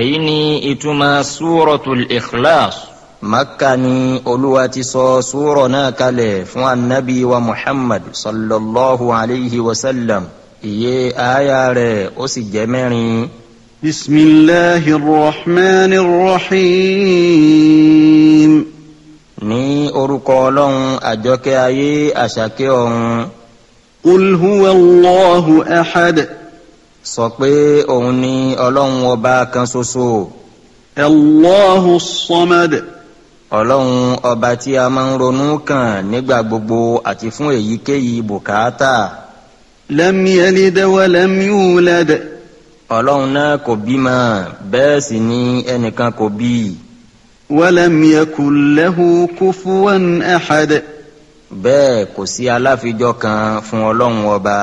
èyí ni ìtumọ̀ súrọ̀tul ikhlas maka ni olúwa ti sọ súrọ̀ náà kalẹ̀ fún anabi wa muhammad sallallahu alayhi wa sallam iye aya rẹ̀ ó sì jẹ́ mẹ́rin. bisimilahi rahmani rahim. ní orúkọ ọlọ́run àjọkẹ́ ayé àṣàkẹ́ ọ̀run. qul huwa allahu sọ pé òun ni ọlọ́run ọba kan ṣoṣo. Allahu Samad. ọlọ́run ọba tí a máa ń ronú kàn nígbà gbogbo àti fún èyíkéyìí bùkátà. Lam yalid wa lam yulad. ọlọ́run náà kò bímọ bẹ́ẹ̀ sì ni ẹnìkan kò bí. Wa lam yakul lahu kufuwan ahad. bẹ́ẹ̀ kò sí aláfijọ́ kan fún ọlọ́run ọba.